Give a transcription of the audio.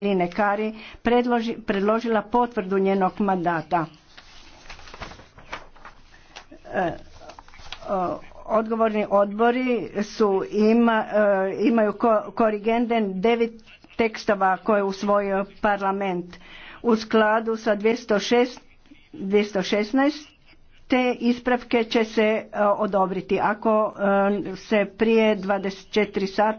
ine Kari predložila potvrdu njenog mandata. E, odgovorni odbori su ima, e, imaju korigenden devet tekstova koje je usvojio parlament u skladu sa 206, 216 te ispravke će se e, odobriti ako se prije 24 sata